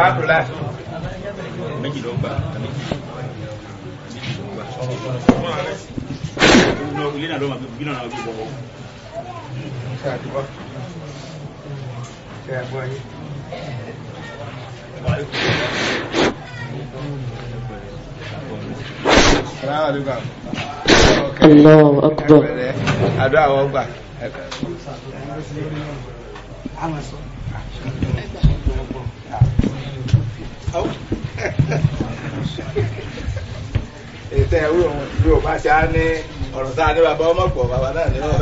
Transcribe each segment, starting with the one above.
báàbù láì méjì ló gbà méjì ló gbà ilé náà ló máa bí náà bí bọ̀ Allahu akbar. Àdó àwọn gbà. àwọn ètò ẹ̀wúrò wọn yóò bá ṣe á ní ọ̀rọ̀ tá a ní bàbá ọmọ pọ̀ bàbá náà ní ọ̀rọ̀.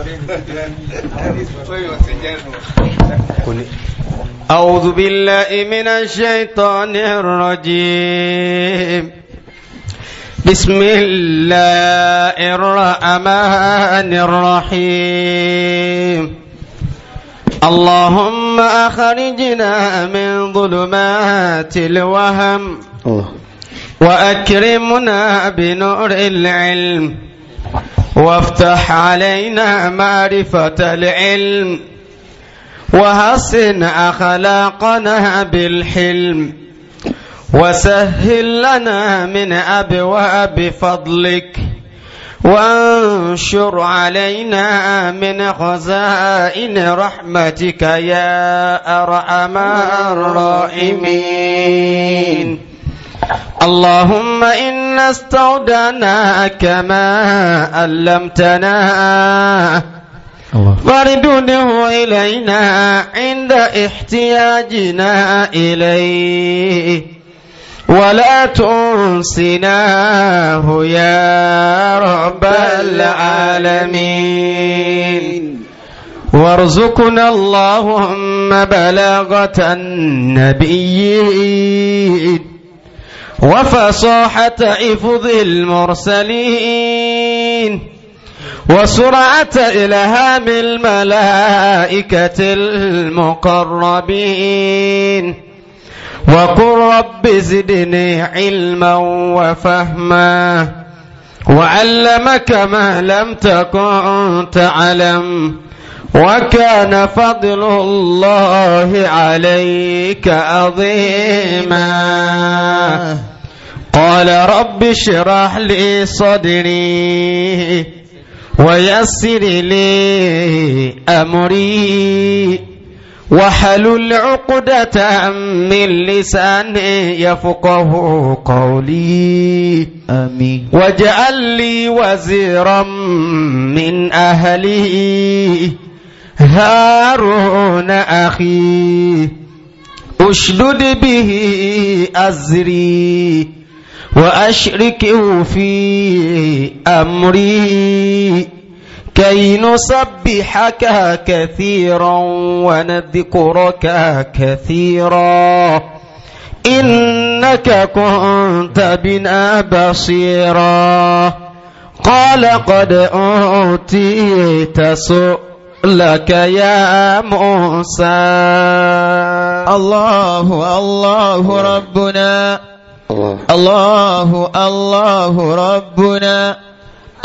أعوذ بالله من الشيطان الرجيم بسم الله الرحمن الرحيم اللهم أخرجنا من ظلمات الوهم وأكرمنا بنور العلم وافتح علينا معرفة العلم وحسن أخلاقنا بالحلم وسهل لنا من أبواب فضلك وانشر علينا من خزائن رحمتك يا أرحم الراحمين اللهم إنا استودعناك ما علمتنا فردده إلينا عند احتياجنا إليه ولا تنسناه يا رب العالمين وارزقنا اللهم بلاغة النبيين وفصاحة إفض المرسلين وسرعة إلهام الملائكة المقربين وقل رب زدني علما وفهما وعلمك ما لم تكن تعلم وكان فضل الله عليك عظيما قال رب اشرح لي صدري ويسر لي امري وحلوا عقدة من لساني يفقه قولي آمين واجعل لي وزيرا من أهلي هارون أخي أشدد به أزري وأشركه في أمري كي نسبحك كثيرا ونذكرك كثيرا إنك كنت بنا بصيرا قال قد أوتيت سؤلك يا موسى الله الله ربنا الله الله ربنا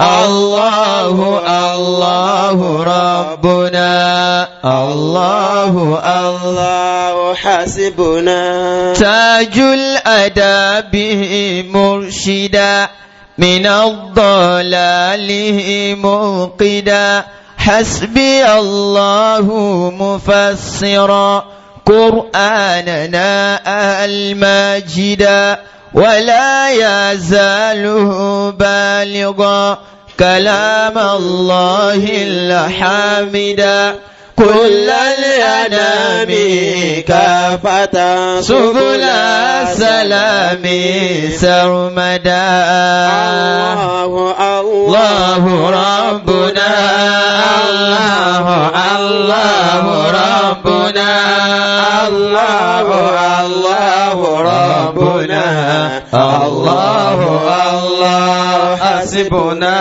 الله الله ربنا الله الله حسبنا تاج الأداب مرشدا من الضلال موقدا حسبي الله مفسرا قرآننا المجدا ولا يزال بالغا كلام الله الحامدا كل الأنام كافة سبل السلام سرمدا الله الله ربنا الله الله ربنا الله الله ربنا الله الله حسبنا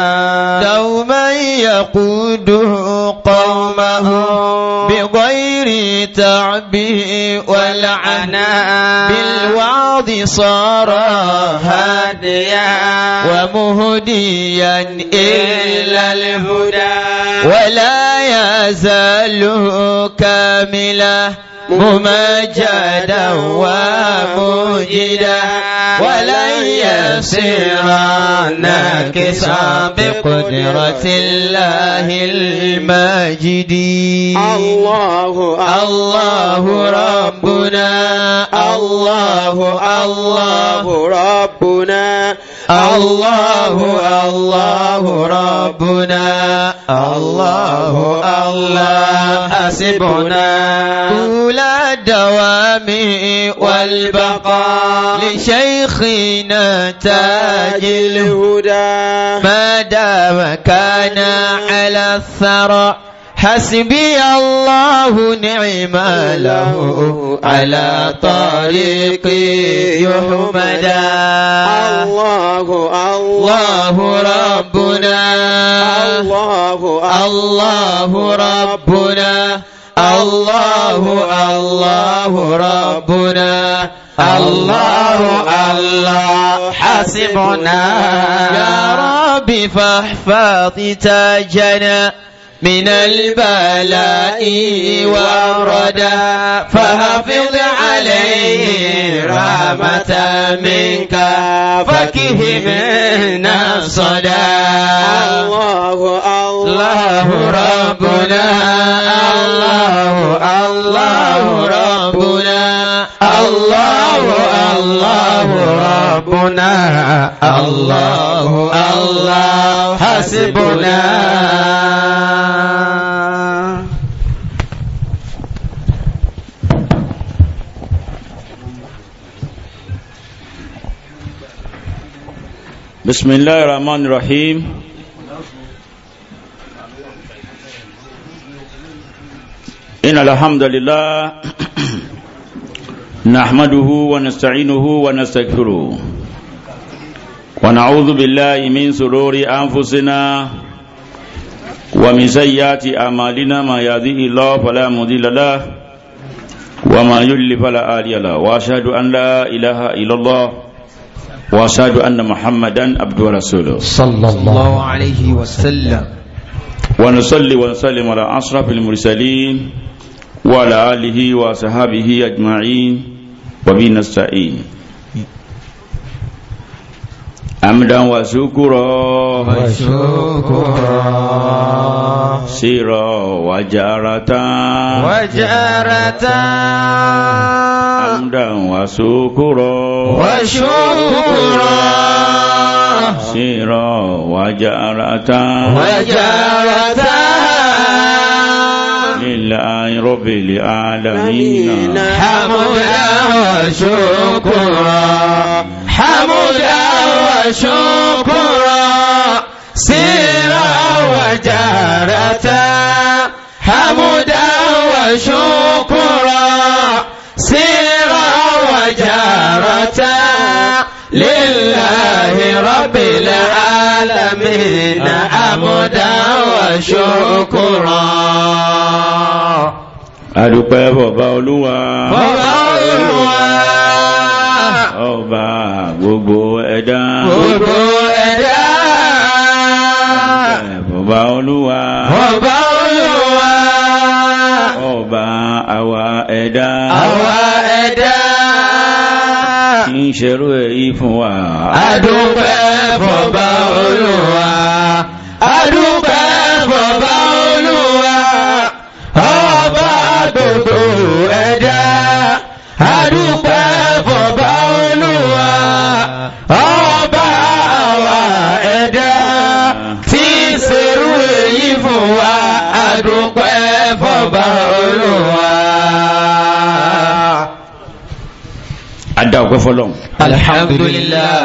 دوما يقوده قومه غير تعبي والعنا بالوعد صار هاديا ومهديا إلى الهدى ولا يزال كاملا ممجدا ومجدا ولن يسيران ناكسا بقدرة الله المجيد الله الله ربنا الله الله ربنا الله الله ربنا الله الله حسبنا طول الدوام والبقاء لشيخنا تاج الهدى ما دام كان على الثرى حسبي الله نعم له على طريقي يحمدا الله الله ربنا الله الله ربنا الله الله ربنا الله الله حسبنا يا ربي فاحفظ تاجنا من البلاء والردى فحفظ عليه رحمة منك فكه من الصدى الله الله ربنا الله الله ربنا الله الله ربنا الله الله حسبنا بسم الله الرحمن الرحيم إن الحمد لله نحمده ونستعينه ونستغفره ونعوذ بالله من سرور أنفسنا ومن سيئات أعمالنا ما يهديه الله فلا مضل له وما يضلل فلا هادي له وأشهد أن لا إله إلا الله واشهد ان محمدا عبده ورسوله صلى الله عليه وسلم ونصلي ونسلم على اشرف المرسلين وعلى اله وصحبه اجمعين وبه نستعين أمدا وشكرا وشكرا سيرا وجارتا وجارتا أمدا وشكرا وشكرا سيرا وجارتا وجارتا لله رب العالمين حمدا وشكرا حمدا وشكرا سيرا وجارتا حمدا وشكرا شجرة لله رب العالمين حمدا وشكرا adúpẹ́ bọ̀bá olúwa bọ̀bá olúwa ọba gbogbo ẹ̀dá gbogbo ẹ̀dá bọ̀bá olúwa bọ̀bá olúwa ọba àwa ẹ̀dá àwa ń ṣerú èyí fún wa. adúpẹ́ fọba olúwa adúpẹ́ fọba olúwa ọba gbogbo ẹ̀dá adúpẹ́ fọba olúwa ọba àwa ẹ̀dá tí ń ṣerú èyí fún wa adúpẹ́. adá ọpẹ́ fọ́lọ́run alhamdulillah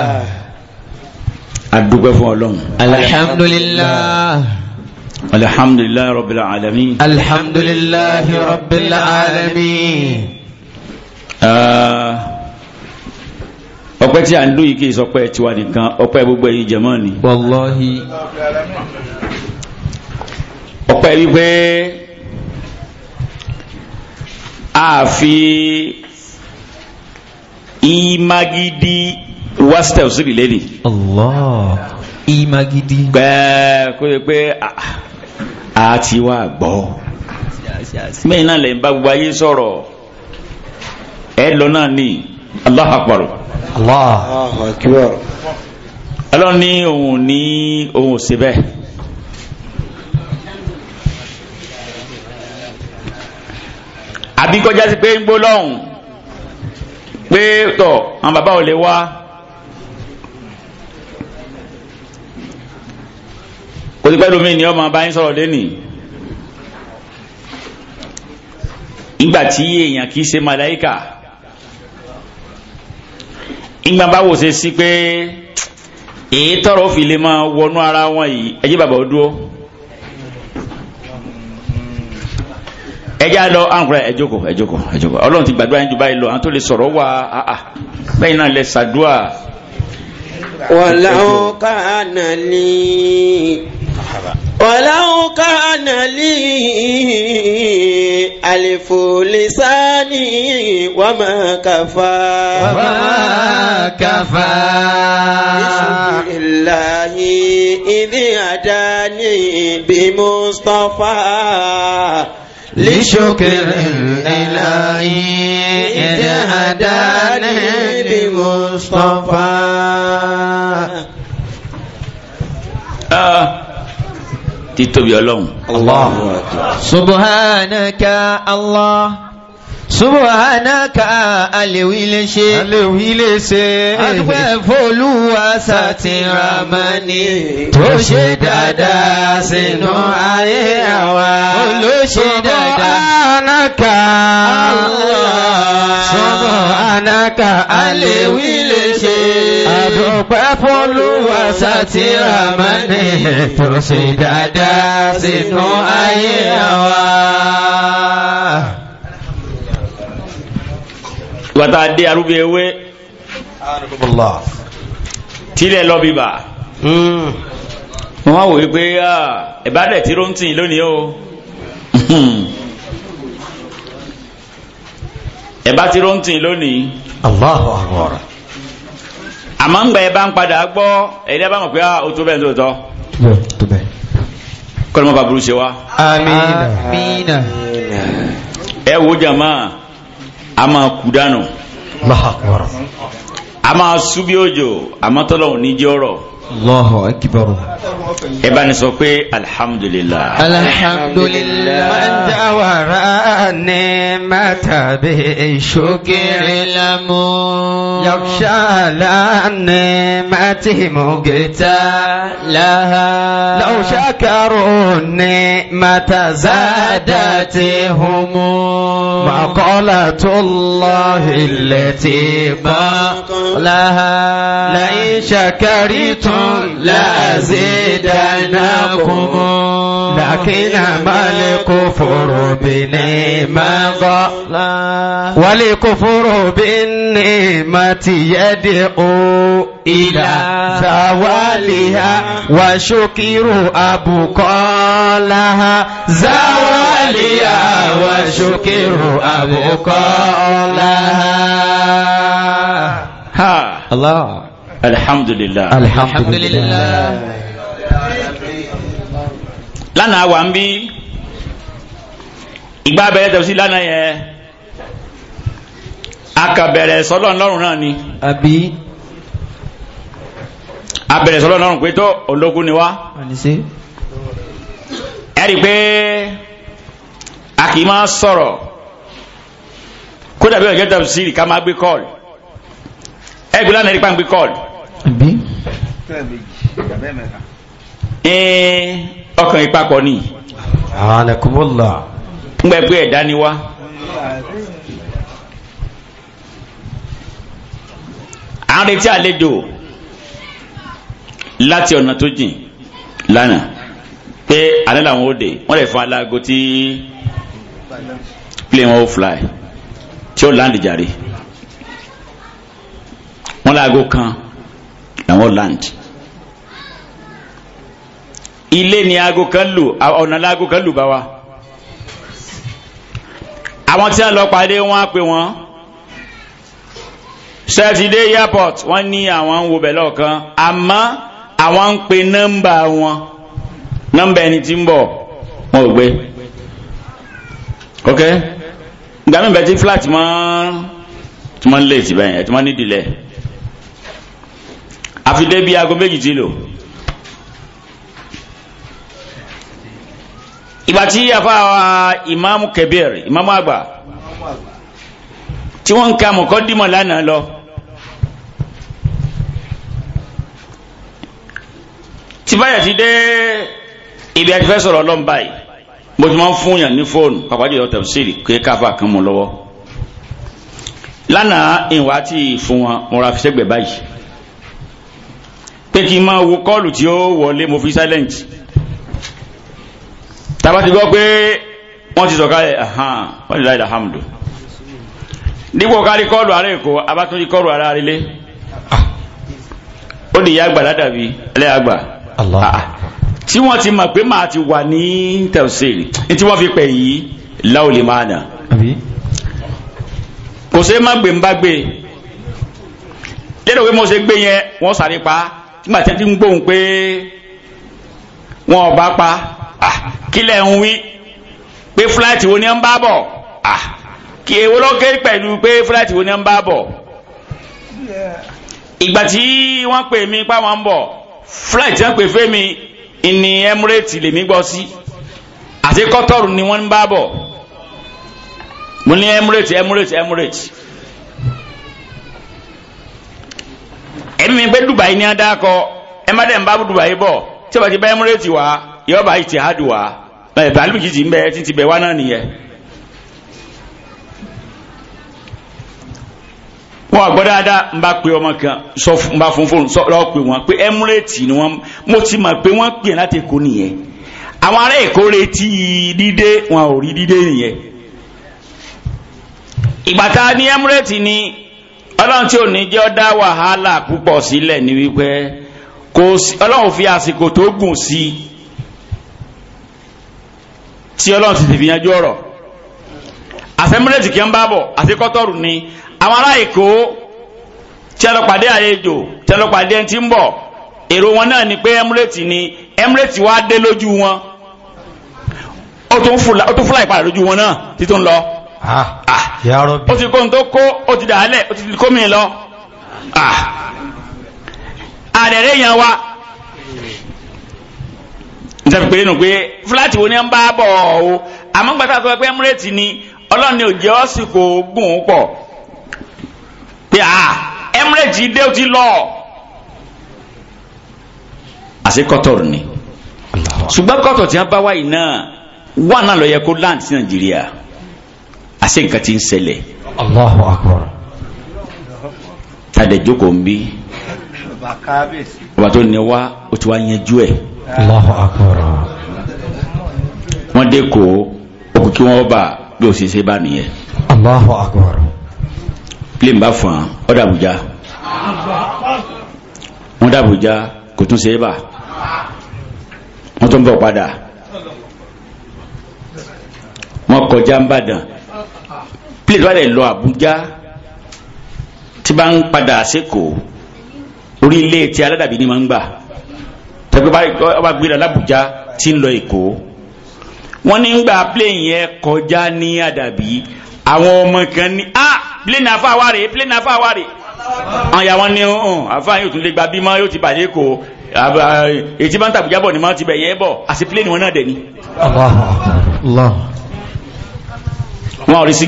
adúpẹ́ fún ọlọ́run alhamdulillah alhamdulillah rabbil alamin alhamdulillah rabbil alamin ọpẹ́ tí a ń lò yìí kì í sọpẹ́ tiwa nìkan ọpẹ́ gbogbo ẹ̀yin jẹ̀mọ́ ni wallahi ọpẹ́ wípé a fi imagidi wastel zuri lẹ́nì. Allah imagidi. pẹ́ẹ́ kó a ti wá gbọ́. mẹ́yìn náà lè ń gbogbo lọ náà ní Allahu Akbar. Allahu Akbar. n'i ní ni ní Abi pé a àwọn bàbá ò lè wá. kò sí pẹ́lú mi ni ọmọ bá sọ̀rọ̀ lẹ́nìí. ìgbà tí èèyàn kì í ṣe màláìkà ìgbà bá wò ṣe sí pé èyí tọrọ lè ara wọn yìí ẹjẹ bàbá ẹjá lọ àǹkúrẹ ẹjókòó ẹjókòó ẹjókòó Ọlọ́run ti gbàdúrà yín ju báyìí lọ àwọn tó lè sọ̀rọ̀ wà áà bẹ́ẹ̀ náà lẹ ṣàdúà. wàláwó kàánà lè wàláwó kàánà lè àlefò lè wà má kàfà. wà má kàfà. bisimilahi ìdí àdáni bí Mustapha. لشكر الإله إذ هداني لمصطفى ah, títóbi ọlọ́run. Allah. Subhanaka Allah. Subhanaka alewile ṣe. Alewile ṣe. Adúpẹ́ f'Olúwa sàtìramani. Tó ṣe dáadáa sínú ayé àwa. Olóṣe dáadáa. Subhanaka. Allah. Subhanaka alewile ṣe. Adúpẹ́ f'Olúwa sàtìramani. Tó ṣe dáadáa sínú ayé àwa gbàtà dé arúgbó ewé tílẹ̀ lọ bíbà hmm. wọ́n wò wípé ah, ìbádẹ̀ tí ló ń tì lónìí o ẹ̀bá tí ló ń tì lónìí. Allahu Akbar. àmọ́ ń gbà ẹ bá ń padà gbọ́ ẹ̀dá bá mọ̀ pé ah, ó tó bẹ́ẹ̀ lóòótọ́. kọ́ni mo bá burú ṣe wá. amiina. ẹ wo jama ama kudano, kú dànù. Allahu Akbar. a máa súbí òjò àmọ́tọ́lọ́hùn níjẹ́ ọ̀rọ̀. الله أكبر إبن سوكي الحمد لله الحمد لله من دور النعمة بشكر الأمور يخشى على النعمة مقتا لها لو شكروا النعمة زادت همور مقالة الله التي قال لها لئن شكرتم لا لأزيدنكم لكن ما الكفر بنعمة والكفر بالنعمة يدعو إلى زوالها وشكر قالها زوالها وشكر ها الله الحمد لله الحمد لله ń bí ìgbà bẹ̀rẹ̀ tẹ̀sí lánàá يا akabẹ̀rẹ̀ sọ́lọ́ ńlọ́rùn náà ni. àbí. abẹ̀rẹ̀ sọ́lọ́ ńlọ́rùn pé tó ológun ni wá. ẹ rí i pé a kì í máa sọ̀rọ̀ kódà bí ọ̀jẹ̀ tẹ̀sí ká máa gbé kọ́ọ̀lù ẹ lánàá rí i ń gbé kọ́ọ̀lù bí. ọkàn ìpapọ̀ ni. alekumola. ń gbẹ pé ẹ̀dá ni wá. à ń retí àlejò láti ọ̀nà tó jìn lánàá pé alẹ́ làwọn ó dé wọ́n lè fún alágo tí plane wọn fly tí ó láǹdì jàre wọ́n láago kan àwọn land ilé ni aago kan lù ọ̀nà láago kan lù bá wa àwọn tí wọ́n lọ pàdé wọ́n á pè wọ́n sátidé airport wọ́n ní àwọn ń wo bẹ̀lẹ̀ ọ̀kan àmọ́ àwọn ń pe nọ́mbà wọn nọ́mbà ẹni tí ń bọ̀ wọn ò gbé ok gbàmíbẹ̀ tí flat mọ́ tí wọ́n lè tì bẹ́yẹn tí wọ́n ní dìlẹ̀ àfi dé bí aago méjì ti lò. ìgbà tí afa wa imaamu Kabir imaamu àgbà tí wọ́n ń ka mọ̀kọ́dìmọ̀ lánàá lọ. tìbáyà ti dé ibi àti fẹ́ sọ̀rọ̀ ọlọ́run báyìí mo ti máa ń fún yàn ní fóònù pàpàdé ọ̀tọ̀ sílì pé káfà kan mọ̀ lọ́wọ́ lánàá ìwà àti ìfún wọn mo ra fi sẹ́gbẹ̀ẹ́ báyìí pé kí n máa wo kọ́ọ̀lù tí ó wọlé mo fi silent tàbá ti gbọ́ pé wọ́n ti sọ̀kalẹ̀ ahan wọ́n ti láì dàhámdù dípò kárí kọ́ọ̀lù ará èkó abátúndí kọ́ọ̀lù ará arílé ah, ó di ìyá àgbà ládàbí ẹlẹ́ àgbà ah, ah. tí wọ́n ti mọ̀ pé màá ti wà ní tẹ̀síl ní tí wọ́n fi pẹ̀ yìí láò lè máa nà kò sí má gbé ń bá gbé lérò pé mo ṣe gbé yẹn wọ́n sáré á nígbà tí a ti ń gbóhùn pé wọn ò bá pa kílẹ̀ ń wí pé fúláìtì wo ni ń bá bọ̀ kí èwo lọ́kẹ́ pẹ̀lú pé fúláìtì wo ni ń bá bọ̀ ìgbà tí wọ́n pè mí pa wọ́n ń bọ̀ fúláìtì wọ́n pè fẹ́ mi ní Emirates lèmi gbọ́ sí àti kọ́tọ́rù ni wọ́n ń bá bọ̀ mo ní Emirates Emirates Emirates. ẹ̀mí mi Dubai ní adákọ ẹ má dẹ̀ ń bá Dubai bọ̀ tí o bá ti bá Emirates wá bá bàálù ń bẹ títí wá náà nìyẹn. wọn àgbọ̀ dáadáa ń bá pe ọmọ kan sọ ń bá fún fóònù pe wọn pé ni wọn mo ti mọ̀ pé wọ́n pè láti nìyẹn àwọn ará Èkó wọn ò rí dídé ọlọ́run tí ò ní jẹ́ ọ́ dá wàhálà púpọ̀ sílẹ̀ ní wípé kò sí ọlọ́run fi àsìkò tó gùn sí i tí ọlọ́run ti tètè yanjú ọ̀rọ̀ àfẹ́múrẹ́tì kí ń bá bọ̀ àti kọ́tọ́rù ni àwọn ará èkó tí a lọ pàdé àyejò tí a lọ pàdé ń bọ̀ èrò wọn náà ni pé ẹmúrẹ́tì ni ẹmúrẹ́tì wá dé lójú wọn ó tún fúláì padà lójú wọn náà títún lọ. Ah. Ah. ó ti kóhun tó kó ó ti dàálẹ̀ ó ti kó mi lọ ah. àrẹ̀rẹ̀ wa pé pé wo ni ń bá bọ̀ o àmọ́ gbàtà pé ni ọlọ́run ni òjẹ́ ọ̀sìnkò gùn ún pọ̀ pé à ẹmúrẹ́tì dé ó ti lọ ni ṣùgbọ́n kọ́tọ̀ tí wọ́n bá lọ yẹ kó láǹtì nàìjíríà. àṣẹ nǹkan tí ń ṣẹlẹ̀ Allahu Akbar tàdé jókòó ń bí ọba tó ní wá ó ti wá yanjú ẹ̀ Allahu Akbar wọ́n dé kó okùn kí wọ́n bá bí òṣìṣẹ́ bá nìyẹn Allahu Akbar plane bá fún un ó dàbújá wọ́n dàbújá kò tún ṣe é bá wọ́n tún bọ̀ padà wọ́n kọjá ń bàdàn plane wà lè lọ Àbújá tí bá ń padà sẹ́kọ̀ọ́ orí ilé tí aládàbí ni máa ń gbà tẹ́gbẹ́ bá gbéra lábújá tí ń lọ Èkó wọ́n ní gbà plane yẹn kọjá ní àdàbí àwọn ọmọ kan ní ah plane afa wa rè plane afa wa rè àwọn yàwọn ní ọ̀hún afa yóò tún lè gba bímọ yóò ti bàjẹ́ kó ètí bá ń tàbújá bọ̀ ni máa ti bẹ̀ yẹ bọ̀ àti plane wọn náà dẹ̀ ni. Allah Allah. wọn ò rí sí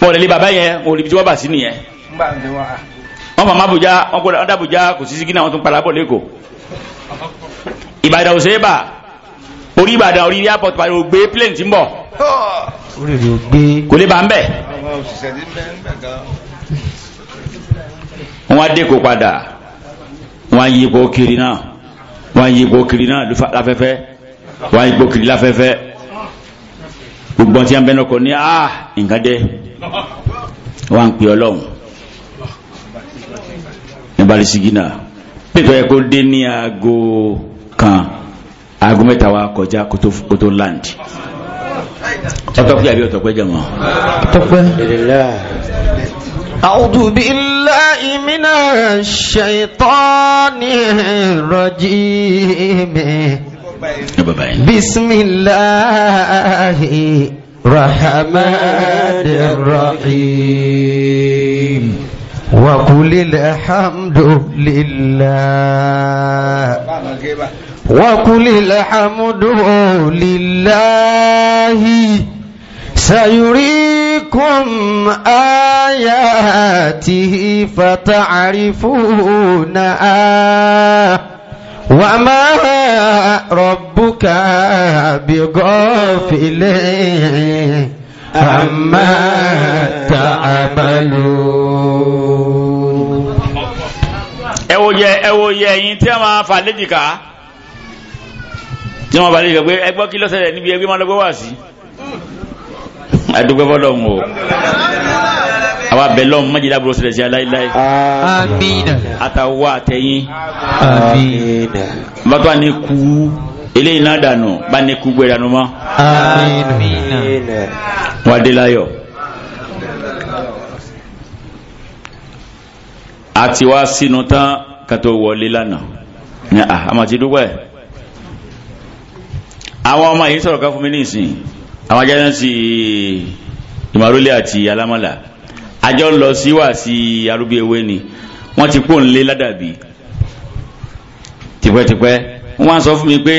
wọn ò lè lé bàbá yẹn wọn ò lè fi tí wọ́n bà sí nìyẹn. wọ́n mọ̀ mábùjá wọ́n kó dábùjá kò sí sígínà wọ́n tún padà bọ̀ lẹ́kọ̀ọ́. ìbàdàn òṣèré bà orí ìbàdàn orí airport parí o gbé plane ti ń bọ̀. kò lè bà ń bẹ̀. wọ́n á dé kó padà wọ́n á yí ipò kiri náà wọ́n á yí ipò kiri náà láfẹ́fẹ́ wọ́n á yí ipò kiri láfẹ́fẹ́ gbogbo ọtí à ń bẹ́ẹ̀ náà kò ní à ah, nǹkan dé wọ́n ń pè ọlọ́run ní balisigina pépè kó dé ní aago kan aago mẹ́ta wa kọjá kó land ọtọ́pẹ́ àbí ọtọ́pẹ́ jẹ́ wọn. ọtọ́pẹ́. أعوذ بالله من الشيطان الرجيم بسم الله الرحمن الرحيم وقل الحمد لله وقل الحمد لله سيريكم آياته فتعرفونها وما ربك بغافل عما تعملون ẹ yẹ ẹ yẹ ẹyin tí a máa fà léjìká tí a máa fà léjìká pé ẹgbọ́n kí lọ́sẹ̀ níbi ẹgbẹ́ máa lọ́gbọ́ wá sí i àdúgbò fọlọ́ ń wò àwa bẹ̀lọ́ májèlé àbúrò sílẹ̀ sí aláìláì àmín àtàwọ̀ àtẹ̀yìn àmín bàbá ní kú eléyìí náà dànù bá ní kú gbé dànù mọ́ àmín wà dé láyọ̀ àti wá sínú tán kàtó wọlé lánàá ní àmàtí ah, dúpẹ́ àwọn ọmọ yìí sọ̀rọ̀ ká fún mi ní ìsìn àwọn si ìmàrólé àti alámàlà àjọ ń lọ sí wàásí arúgbó ewé ni wọ́n ti kó nílé ládàbí tipẹ́tipẹ́ wọ́n á sọ fún mi pé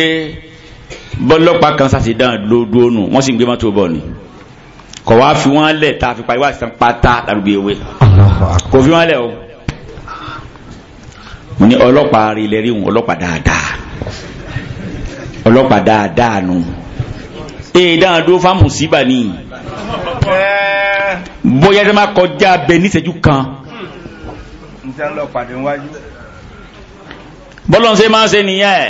bọ́lọ́pàá kan sàṣìdán lódó nù wọ́n sì ń gbé mọ́tò bọ̀ ni kọ̀ wá fi wọ́n lẹ̀ tá a fi pariwo àṣìṣàn pátá lárúgbó ewé kò fi wọ́n lẹ̀ o mo ní ọlọ́pàá rí ilẹ̀ ríhùn ọlọ́pàá dáadáa ọlọ́pàá dáadáa nù. No èèdàn eh, dúró fáwọn mùsíbà ni bóyá tó máa kọjá abẹ níṣẹ́jú kan. bọ́lọ̀ ń ṣe máa ń ṣe nìyẹn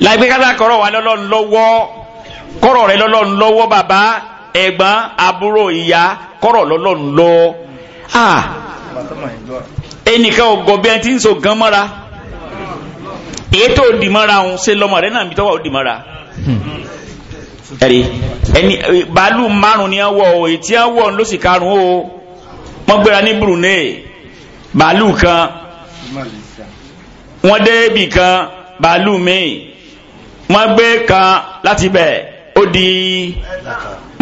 láìpẹ́ kátà kọ́rọ̀ wà lọ́lọ́run lọ́wọ́ kọ́rọ̀ rẹ lọ́lọ́run lọ́wọ́ bàbá ẹ̀gbọ́n àbúrò ìyá kọ́rọ̀ lọ́lọ́run lọ. ẹnìkan ò gọ̀ bí ẹni tí ń so gan mọ́ra èyí tó dì mọ́ra òun ṣe lọ́mọ rẹ náà mi tọ́wọ́ ò mọ́ra ẹ̀rí ẹni bàálù márùn ni wọ́n o èyí tí wọ́n wọ̀ ló sì karùn o wọ́n gbéra ní Brunei bàálù kan wọ́n dé ibì kan bàálù míì wọ́n gbé kan láti bẹ̀ ó di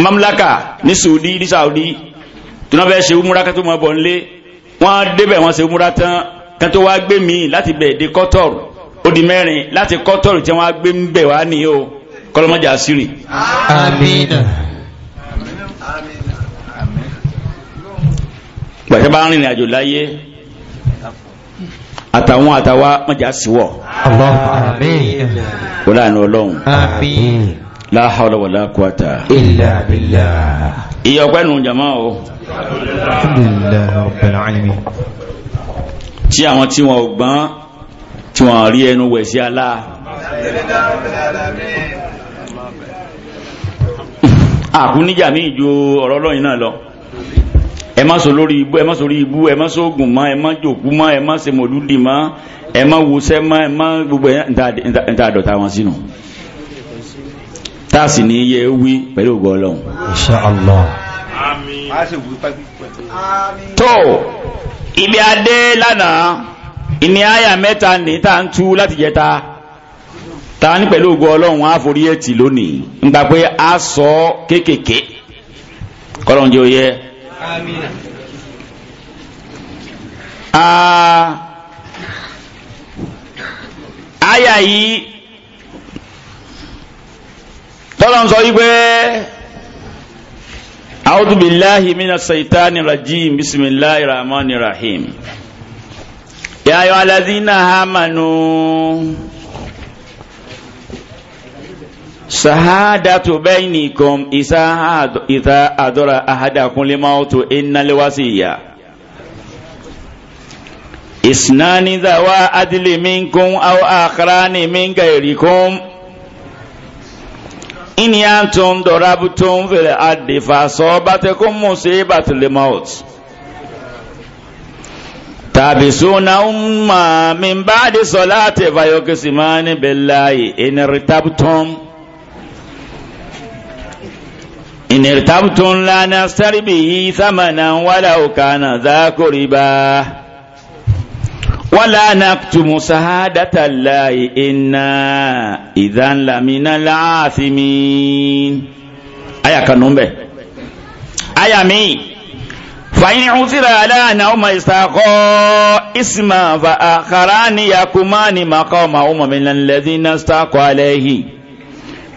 mamlaka ní Saudi ní Saudi tí wọ́n fẹ́ ṣe umura kátó mọ́ bọ̀ nílé wọ́n débẹ̀ wọ́n ṣe umura tán kátó wá gbé míì láti bẹ̀ dé kọ́tọ̀rù ó di mẹ́rin láti kọ́tọ̀rù tí wọ́n á gbé ń bẹ̀ wá nìyí kọlọmọjà sírìn. amina. gbàtẹ́ bá ń rìnrìn àjò láyé àtàwọn àtàwa mọ̀já síwọ̀. wọ́n láàánú ọlọ́run. la hawla wala quwata. illa billah. ìyá ọpẹ́ nù jàmá o. rabbil alamin. tí àwọn tí wọn ò gbọ́n tí wọn rí ẹnu wẹ̀ sí aláà. àkú ah, níjà míì ju ọ̀rọ̀ ọlọ́yin náà lọ ẹ má sọ lórí ibú ẹ má sọ lórí ibú ẹ má sọ oògùn ma ẹ má jòkú ma ẹ má mọ̀lúdì ẹ má wusẹ́ ẹ má gbogbo ẹ ń wọn sínú táàsì ní iye wí pẹ̀lú ògo ọlọ́run. ibi adé lánàá ìní àyà mẹ́ta ní tá à ń tú láti ta ní pẹ̀lú ògo ọlọ́run á forí ẹ̀ tì lónìí nígbà pé a sọ kéékèèké kọ́lọ́run jẹ́ oyẹ. Àmín. àyà yìí tọ́lọ́run sọ wípé a'udhu billahi minash shaitani rajim bismillahir rahmanir rahim ya ayyuhal ladhina shahadatu bainikum idha adara ahadakum limautu innal wasiya isnani dhawa adli minkum aw akharani min ghairikum in yantum darabtum fil ardi fasabatukum musibatul maut tabisuna umma min ba'di salati fayokisimani billahi in irtabtum إن ارتبتم لا نشتري به ثمنا ولو كان ذا قربا ولا نكتم شهادة الله إنا إذا لمن العاثمين آية كنومبة آية مي فإن عثر على أنهما استحقا إثما فآخران يقومان مقامهما من الذين استحقوا عليه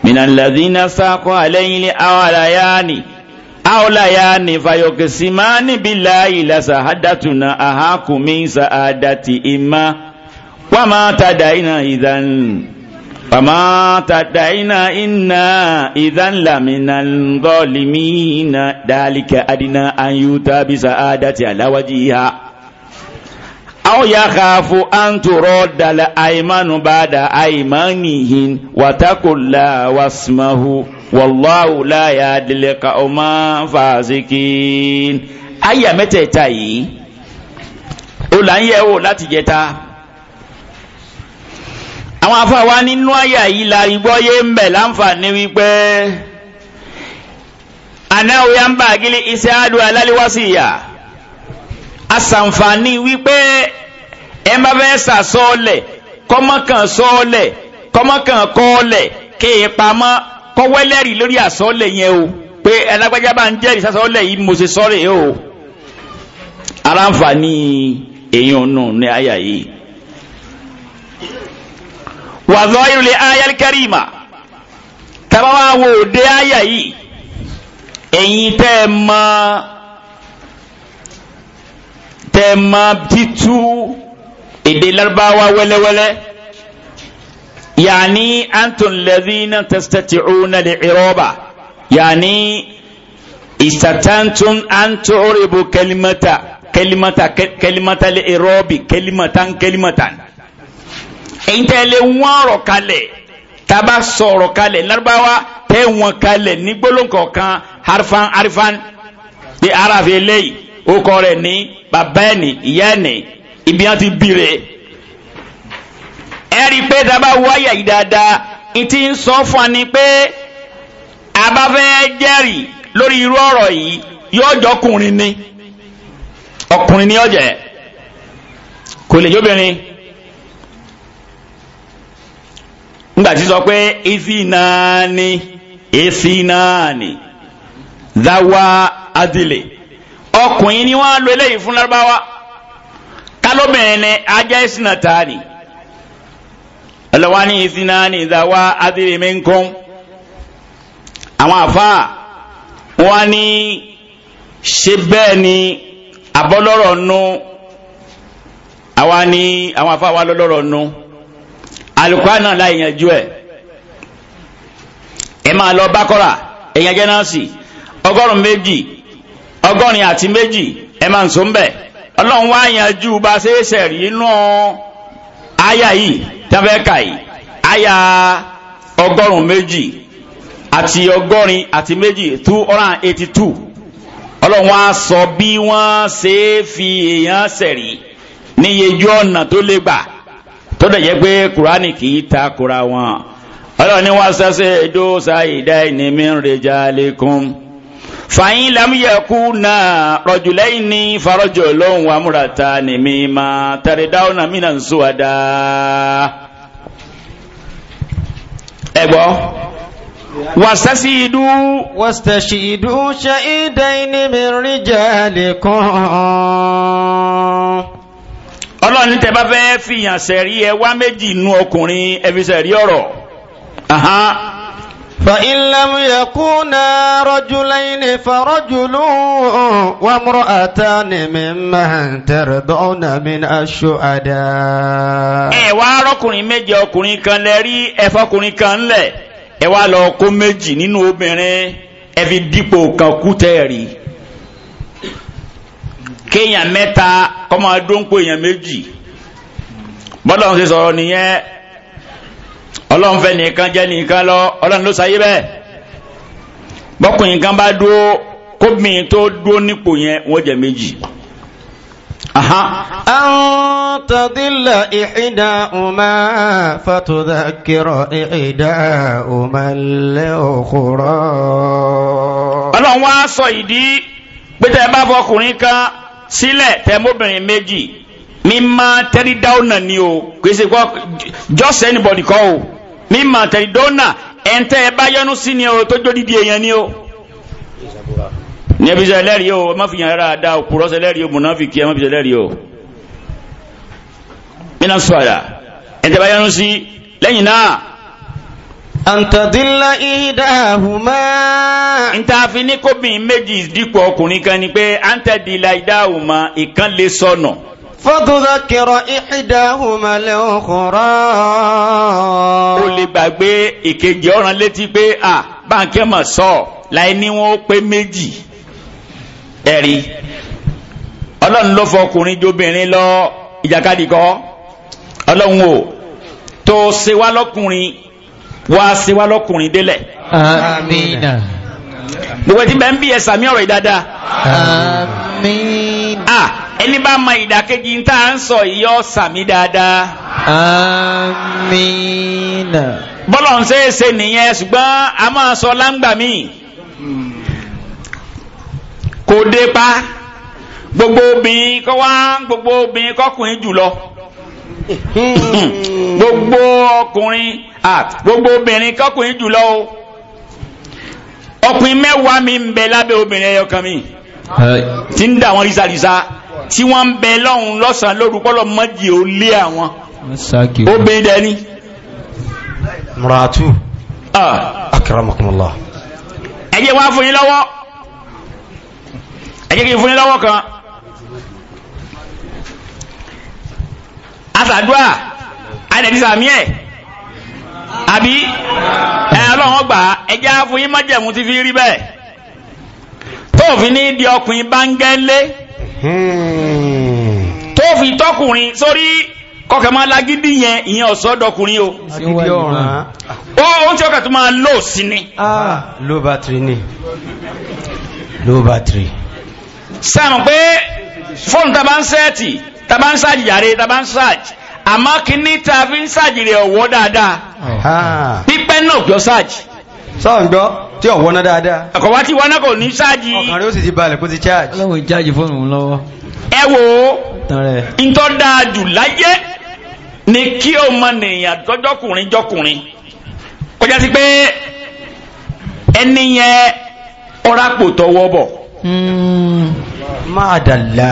من الذين ساقوا لياني او لياني فيقسمان بالله لسهدتنا أهاك من اما وما تدعينا إذا وما تدعينا إنا إذا لمن الظالمين ذلك ادنا أن يؤتى بسعادتي على وجهها aw yakhafu an turadda al aymanu ba'da aymanihin wa taqulla wasmahu wallahu la yahdi al qawma fasikin aya mẹ́tẹ̀ẹ̀ta yìí ó là ń yẹ̀ wò láti jẹta àwọn afáwa nínú àyà yìí la igbọ́ yé ń bẹ̀ láǹfààní wípé anáwó yá ń bá àgílí iṣẹ́ àdúrà lálẹ́wọ́sì yà asànfàní wípé ẹ má fẹ́ sà sọ́ọ̀lẹ̀ kọ́mọ́kàn sọ́ọ̀lẹ̀ kọ́mọ́kàn kọ́ọ̀lẹ̀ kéèpamọ́ kọ́wẹ́lẹ́rì lórí àsọ́ọ̀lẹ̀ yẹn o pé ẹlágbájá bá ń jẹ́rìí sásọ́ọ̀lẹ̀ yìí mo ṣe sọ́ọ̀rẹ̀ o aláǹfààní èèyàn nù ní àyà yìí. wàzọ́ ìrìlẹ̀ ayal karima tábà wà wò dé àyà yìí ẹ̀yin tẹ́ ẹ máa tẹ́ ma títú èdè Lárúbáwá wẹ́lẹ́wẹ́lẹ́ yàní antum ladhina tastati'una al-i'raba yàní istatantum an tu'ribu kalimata kalimata kalimata al-i'rabi kalimatan kalimatan ìtẹ̀lé wọn ọ̀rọ̀ kalẹ̀ taba sọ̀rọ̀ kalẹ̀ Lárúbáwá tẹ́ wọn kalẹ̀ ní gbólóǹkọ̀ọ̀kan harfan harfan bí arafi eléyìí. ó kọ́ rẹ̀ ní bàbá ẹ̀ ní ìyá ẹ̀ ní ibi wọn ti bí rẹ̀ ẹ rí i pé dábàá wáyà yìí dáadáa n ti ń sọ fún wa ni pé abáfẹ́ jẹ́rìí lórí irú ọ̀rọ̀ yìí yóò jọkùnrin ni ọkùnrin ni ọ̀jẹ̀ kò lè jóbìnrin ngbàtí sọ pé ezi náà ni esi náà ni zawa adile ọkùnrin ni wọ́n lo eléyìí fún lárúbáwá kálọ́bìnrin ni ajá ìsìnà tààrí ọlọ́wání ìsìnà ní ìdáwà adìrẹ̀mí nǹkan àwọn àfáà wọ́n ní ṣe bẹ́ẹ̀ ni abọ́lọ́rọ̀ nu àwa ni àwọn àfáà wa lọ́lọ́rọ̀ nu alùpàá náà láì yanjú ẹ̀ ẹ máa lọ bákọ́ra ẹ̀yàn jẹ́ náà sì ọgọ́rùn-ún méjì ọgọ́rin àti méjì ẹmà ń so ọlọ́run wá bá ṣe é ṣe rí inú àyà yìí tẹ́fẹ́ka yìí àyà ọgọ́rùn méjì àti ọgọ́rin àti méjì two hundred eighty two ọlọ́run wá sọ bí wọ́n ṣe é fi èèyàn ṣẹ̀rí níyejú ọ̀nà tó lè gbà tó dẹ̀ yẹ pé fàyín lámúyẹ̀kú náà rọ̀jùlẹ́yìn ní farajọ lọ́hùn amúrata ní mímá tẹ̀rẹ̀dáwọ̀nà mínà ń sọ àdá. ẹ gbọ́ wàsásí idú. wàsásí idú ṣe ìdá iní mi rí jẹ́lẹ̀ kan. ọlọ́run ní tẹ́bá fẹ́ fìyàn sẹ̀rí ẹ wá méjì nú ọkùnrin ẹ fi ọ̀rọ̀. فإن لم يكونا رجلين فرجل وامرأتان ممن ترضون من الشهداء ẹ wá arọkùnrin méje ọkùnrin kan lẹ rí ẹfọkùnrin kan lẹ ẹ wá lọ kó méjì nínú obìnrin ẹ fi dípò kan kú tẹ ẹ rí kéèyàn mẹ́ta kọmọdún pé ọlọ́run fẹ́ nìkan jẹ́ nìkan lọ ọlọ́run ló sáyé bẹ́ẹ̀ bọ́kùnrin kan bá dúró kóbìnrin tó dúró nípò yẹn wọ́n jẹ méjì. أن تضل إحداهما فتذكر إحداهما الأخرى ọlọ́run wá sọ ìdí pé tẹ́ bá fọkùnrin kan sílẹ̀ tẹ́ mọ́bìnrin méjì mímá tẹ́rí dáwọ́nà ni o kì í ṣe kọ́ just anybody kọ́ o mímọ̀ tẹ̀rídọ́nà ẹ̀ǹtẹ́ ẹ bá yọnu sí ni o tó jó èèyàn ni o ní ẹbí sẹlẹ́rì o má fi rárá da òkúrọ́ sẹlẹ́rì o mùnáfíkì ẹ má fi sẹlẹ́rì o mina sọ̀rọ̀ ẹ̀ǹtẹ́ bá yọnu sí lẹ́yìn náà. àǹtàdínlá ìdáhùmá. ntàfi ní kóbìn méjì dípò ọkùnrin kan ni pé àǹtàdínlá ìdáhùmá ìkan sọnù. So no fọ́túndákẹrọ ìdáhùnmà lẹ́ọ̀kọ̀rọ̀ ó lè gbàgbé ìkejì ọ̀ràn létí pé à báńkẹ́ mọ̀ sọ láì ní wọ́n pé méjì ẹ̀rí ọlọ́run ló fọkùnrin jóbìnrin lọ ìjàkadì kọ́ ọlọ́run o tó ṣe wá lọ́kùnrin wá ṣe wá lọ́kùnrin délẹ̀ àmín gbogbo ẹtí bẹ́ẹ̀ ń bí ẹ̀sàmí ọ̀rọ̀ ìdáadáa àmín ẹni bá mọ ìdàkejì ń tà ń sọ yìí ọ sàmì dáadáa. amiina. bọ́lọ̀ ń ṣe é ṣe nìyẹn ṣùgbọ́n a máa sọ láǹgbà míì kò dé pa gbogbo obìnrin kọ́ wá gbogbo obìnrin kọ́kùnrin jùlọ gbogbo ọkùnrin gbogbo obìnrin kọ́kùnrin jùlọ o ọkùnrin mẹ́wàá mi ń bẹ lábẹ́ obìnrin ẹyọkan mi ti ń dà wọ́n rísàrísà. tí wọ́n ń bẹ lọ́hùn lọ́sàn lóru pọ́lọ́ mọ́jì ó lé àwọn obìnrin dẹni. muratu akramakumullah. ẹ jẹ́ wá fún yín lọ́wọ́ ẹ jẹ́ kí n fún yín lọ́wọ́ kan. asàdúà àdẹ̀bí sàmí ẹ̀ àbí ẹ ọlọ́run ọgbà fún yín ti fi rí bẹ́ẹ̀ tóòfin ní di ọkùnrin bá ń gẹ́lé. Hmm. tó fi tọkùnrin sórí kọkẹ máa lágídí yẹn ìyẹn ọ̀sọ́ dọkùnrin o ó oúnjẹ ọkà tó máa lò sí ni. Ah. low battery ni low battery. sáàmù pé fóònù tá a bá ń sẹ́ẹ̀tì tá a bá ń ṣáàjì yàrá tá a bá ń ṣáàjì àmọ́ kí ní tá ń ṣáàjì rẹ̀ ọ̀wọ́ dáadáa ah. pípẹ́ náà jọ ṣáàjì sọ́ǹgbọ́ tí ọ̀wọ́ náà dáadáa. àkọ̀wá tí wọn kò ní ṣáàjì. ọkàn rẹ ó sì ti balẹ̀ kó ti ṣáàjì. ọlọ́run ìjáàjì fóònù lọ́wọ́. ẹ wo ntọ́ dáa láyé ni kí o mọ nìyàn jọjọkùnrin jọkùnrin kọjá sí pé ẹni yẹn ọ̀rá kò tọwọ́ bọ̀. Hmm. máa dàlá.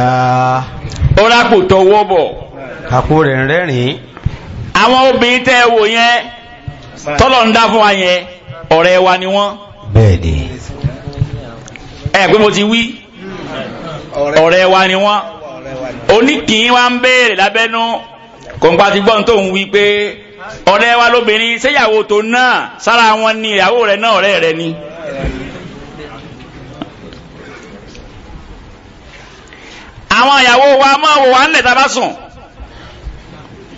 ọ̀rá kò tọwọ́ bọ̀. àpò rẹ̀ ń rẹ́rìn-ín. àwọn obìnrin tẹ́ ẹ wò yẹn tọ́lọ̀ ń dá fún wa yẹn ọ̀rẹ́ wa ni wọ́n. bẹ́ẹ̀ni. ẹ pé mo ti wí ọ̀rẹ́ wa ni wọ́n oníkìí wa ń béèrè lábẹ́nú kọ̀ǹpa ti gbọ́n tó ń wí pé ọ̀rẹ́ wa lóbìnrin séyàwó tó náà sára wọn ni ìyàwó rẹ̀ náà ọ̀rẹ́ rẹ̀ ni. àwọn ìyàwó wa máa wò wá ńlẹ̀ tá a bá sùn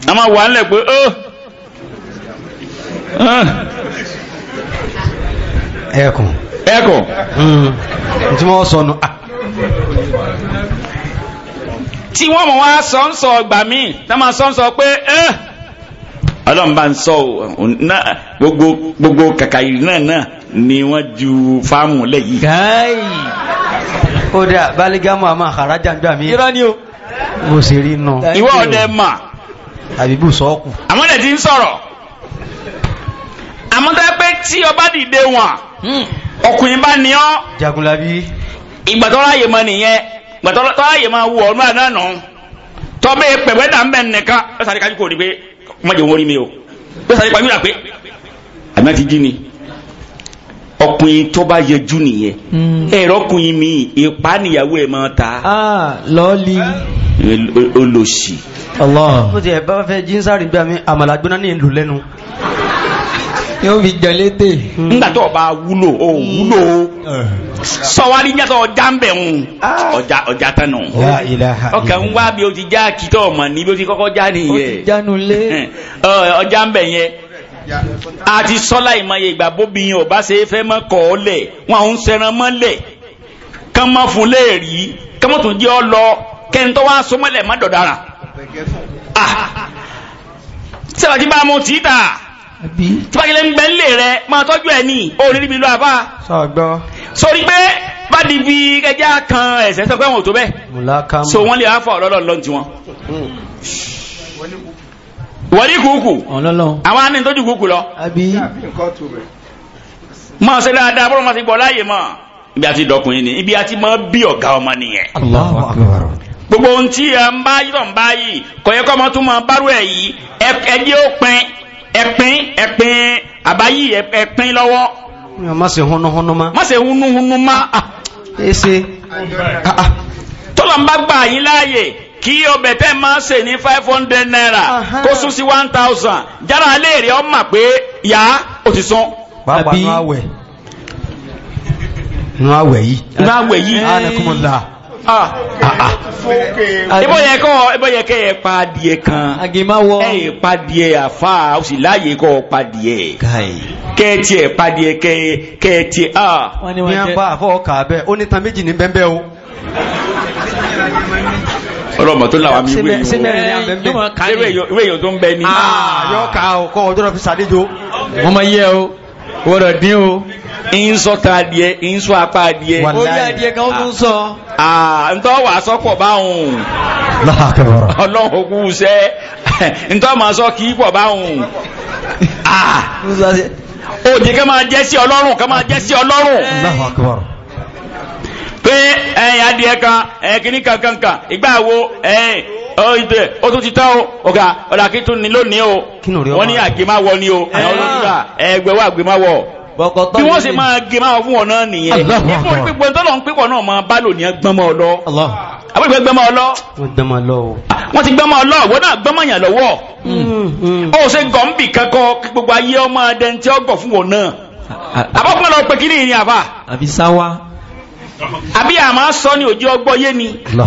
a máa wò wá ńlẹ̀ pé ó ẹ̀kùn ẹ̀kùn hmm. tí wọ́n sọ nù ah. tí wọ́n mọ̀ wá sọ ń sọ ọgbà míì tá máa sọ ń sọ pé ẹ́ eh. ọlọ́run bá ń sọ gbogbo gbogbo kàkà yìí náà náà ni wọ́n ju fáàmù lẹ̀ yìí. gáì ó dà àmà àràjà ń gbà mí. irọ́ ni o. mo sì rí nù. ìwọ ọdẹ mà. àbíbù sọ́ọ̀kù. àmọ́lẹ̀ ti ń sọ̀rọ̀ àmọ́tẹ́ pé tí ọba dìde wọn ọkùnrin bá ní ọ́. jagunlabi. ìgbà tó láyè mọ nìyẹn ìgbà tó láyè mọ wù ọ́nú àná nù tọ́bẹ̀ pẹ̀wẹ́ dà ń bẹ̀ nìkan ẹ̀ sáré kájú kò rí pé ọmọdé wọn rí mi o ẹ̀ sáré kájú rà pé àmì àti jí ni ọkùnrin tó bá yẹjú nìyẹn hmm. ẹ̀rọ ọkùnrin mi ìpá níyàwó ẹ̀ máa ta. Ah, lọ́ọ̀lì. olóṣì. Allah. mo ti ẹ̀ bá fẹ́ jínsárì gbà mí àmàlà gbóná ní ìlú lẹ́nu yóò fi jẹ létè. nígbà tó o bá wúlò o wúlò eh. o sọwárí ní ẹsọ ọjà ń bẹ̀ ń ah. ọjà ọjà tán nù. ọkàn ń wá bí o ti já kìtọ́ ọmọ ní bí o ti kọ́kọ́ já nìyẹn. o ti jánu lé. Eh, eh, ọjà ń bẹ̀ yẹn àti sọ́lá ìmọ̀ye ìgbà bóbiyàn ọba ṣe é fẹ́ mọ́ kọ́ ọ lẹ̀ wọn àwọn ń sẹran mọ́lẹ̀ kán mọ́ fún léèrí kán mọ́ tún jẹ́ ọ lọ kẹ́ńtọ́ wá sọmọ́lẹ̀ má dọ̀dára. sábà ah. tí bá a mọ̀ tì í tíbájẹ́lẹ́ ń gbẹ́lẹ̀ rẹ máa tọ́jú ẹ̀ ní orílẹ̀ ìlú àbá sọ́gbọ́ sórí pé bá di bí kẹjá kan ẹ̀sẹ̀ sọ pé wọn ò tó bẹ́ẹ̀ so wọ́n lè áfọ̀ ọlọ́lọ́ lọ́n ti wọn wọ́n kúkú àwọn á ní tójú kúkú lọ mọ́ ṣe dáadáa bọ́rọ̀ Ma ti gbọ́ láàyè mọ́ ibi àti dọkùnrin ni ibi àti mọ́ bí ọ̀gá ọmọ nìyẹn Allahu Akbar gbogbo ohun tí a ń bá yìí tó ń bá yìí kọ̀yẹ́kọ́ ọmọ tún mọ bárú ẹ̀ yìí ẹ̀jẹ̀ ó pin ẹ̀pín ẹ̀pín àbáyí ẹ̀pín lọ́wọ́ má ṣe húnúhúnú má má ṣe húnúhúnú má ah, ẹsẹ ah, ah. tọ́lọ̀ ń bá gbà yín láàyè kí ọbẹ̀ tẹ́ máa ṣe ní five hundred naira kó sún sí one thousand jára alẹ́ rẹ̀ ọ́ mà pé yá o ti sún. pàápàá nù àwẹ̀ nù àwẹ̀ yìí. nù àwẹ̀ yìí ìbọ̀yẹ̀kẹ́ ah, ah, ah. ẹ̀ pa adìẹ kan ẹ̀ pa adìẹ àfà ó sì láàyè kọ́ pa adìẹ kẹ́ẹ̀tì ẹ̀ pa adìẹ kẹ́ẹ̀tì à. ní a bá àfọ kà bẹ́ẹ̀ ó ní tan méjì ní bẹ́ẹ̀ bẹ́ẹ̀ o. ọlọ́mọ tó làwọn mi wé yìí o síbẹ̀ èèyàn tó ń bẹ ní. yọ ká o kọ́ ọjọ́ fi ṣàdéjò. wọ́n máa yẹ o. wọ́rọ̀ dín o ń sọ ta adìẹ ń sọ apá adìẹ orí adìẹ kan tó ń sọ. ntọ́ wà sọ́pọ̀ báwọn ọlọ́run òkú sẹ́ ntọ́ máa sọ kì í pọ̀ báwọn òjì kan máa jẹ́ sí ọlọ́run kan máa jẹ́ sí ọlọ́run pé ẹ̀yìn adìẹ kan ẹ̀yìn kìnnìkan kankan ìgbà wo ẹ̀yìn. ọ̀dẹ̀ ó tún ti tán o ọ̀gá ọ̀dà tún ní o wọ́n ní àgbè ni o ah. bí wọ́n sì máa gé máa fún ọ̀nà nìyẹn pípọ̀ tó pípọ̀ náà máa bá gbọ́mọ̀ ọlọ́ ọlọ́ wọ́n ti ọlọ́ wọ́n náà yàn lọ́wọ́ hmm, hmm. ó gbogbo ayé ọmọ tí ó gbọ̀ fún àbọ̀kùnrin lọ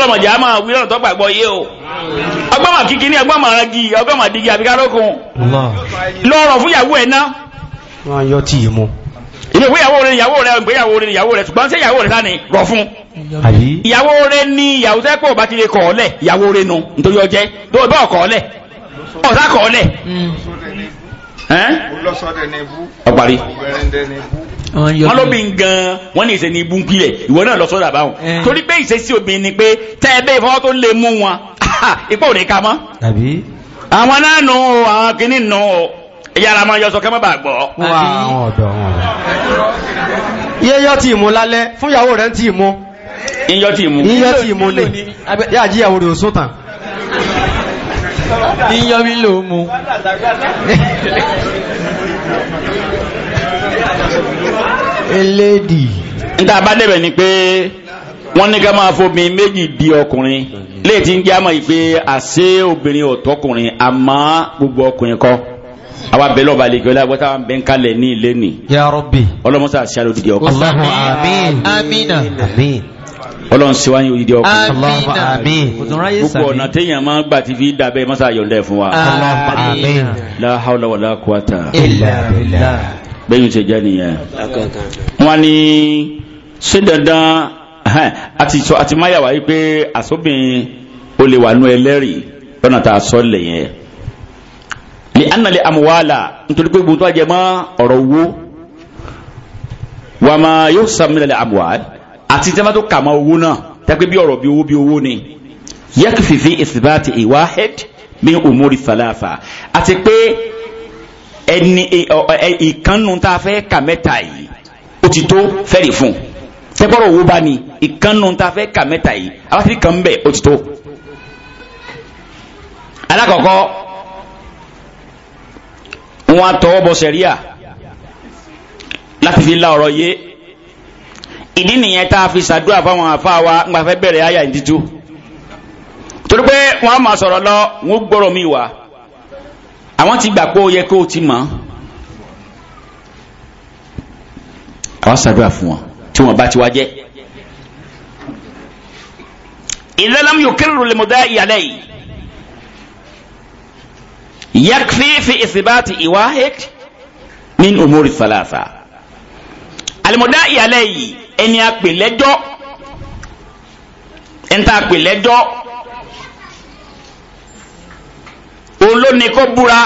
ọlọ́mọdé a máa wí lọ́nà tó gbàgbọ́ yé o ọgbọ́mọ kíkí ní ọgbọ́mọ aragi ọgbọ́mọ digi àbíkárókun lọ́rọ̀ fún ìyàwó ẹ̀ náà. wọn tí yìí mu. ìyàwó rẹ ni ìyàwó rẹ ni ìyàwó tẹ́ ìyàwó rẹ wọ́n lóbìn gan wọ́n ní ìṣe ní ibú pilẹ̀ ìwọ náà lọ sọ́dọ̀ àbáwọn eh. torí pé ìṣesí obìnrin ni pé tẹ́ ẹ bẹ́ẹ̀ fọwọ́ tó lè mú wọn ipò òní ka mọ́. àwọn náà nù àwọn kìíní nù yàrá máa yọsọ kẹ́mọ́ bá gbọ́. yíyọ tí ìmú lálẹ́ fún ìyàwó rẹ̀ ń tí ìmú. yíyọ tí ìmú. yíyọ tí ìmú lè yáà jí ìyàwó rẹ̀ ò sótàn yíyọ mi ló mú eléèdì. níta bá débẹ̀ ni pé wọ́n ní ká máa fomi méjì di ọkùnrin léètì ń jẹ́ àmọ́ yìí pé àṣé obìnrin ọ̀tọ́kùnrin àmọ́ gbogbo ọkùnrin kọ́ àwa bẹ̀rẹ̀ ọba àlejò ẹlẹ́gbẹ́ tá à ń bẹ́ ń kalẹ̀ ní ilé nì. ya Rabbi. ọlọ́mọṣà ṣàlùdìdì ọkùnrin. Allahu àmín. àmín. àmín ọlọ́run ṣe wáyé òyìnbí ọkùnrin gbogbo ọ̀nà téèyàn máa ń gbà ti fi ń dàbẹ́ mọ́sá yọ̀ǹda ẹ̀ fún wa la hawla wala quwata illa billah bẹ́yìn ṣe jẹ́ nìyẹn wọ́n ní ṣé dandan àti máyàwá yìí pé àsóbìn o lè wà nú ẹlẹ́rìí lọ́nà tá a sọ lẹ́yìn ní annalẹ̀ amuwala nítorí pé gbogbo tó a jẹ mọ́ ọ̀rọ̀ owó wàmà yóò sàmìlẹ̀ amuwala àti tẹ́lẹ̀ tó kà mọ́ owó náà tẹ́pẹ́ bí ọ̀rọ̀ bí owó bí owó ni yẹ́kìfì fi ìsìbáàtì ìwáhẹ́d min umuri salafa àti pé ẹni ìkànnù tá a fẹ́ kà mẹ́ta yìí ó ti tó fẹ́rẹ̀ fún tẹ́pọ̀rọ̀ owó bá ní ìkànnù tá a fẹ́ kà mẹ́ta yìí aláfi kan bẹ̀ ó ti tó. alákọ̀ọ́kọ́ wọn tọwọ́ bọ sẹ̀ríà láti fi la ọ̀rọ̀ yé ìdí nìyẹn tá a fi ṣàdúrà fáwọn àfa wa ń gbàfẹ́ bẹ̀rẹ̀ àyà ìdíjú torí pé wọ́n á máa sọ̀rọ̀ lọ wọ́n gbọ́rọ̀ mi wá àwọn ti gbà pé ó yẹ kó o ti mọ̀ àwọn ṣàdúrà fún wọn tí wọ́n bá ti wá jẹ́ ìlẹ́lẹ́m yóò kéré lè mọ̀ dá ìyàlẹ́ yìí yakfi fi ìsìbáàtì ìwáhẹ́d min umuri salasa alimọ̀dá ìyàlẹ́ yìí ẹni àpè lẹ́jọ́ ẹni tá àpè lẹ́jọ́ òun ló ní kó búra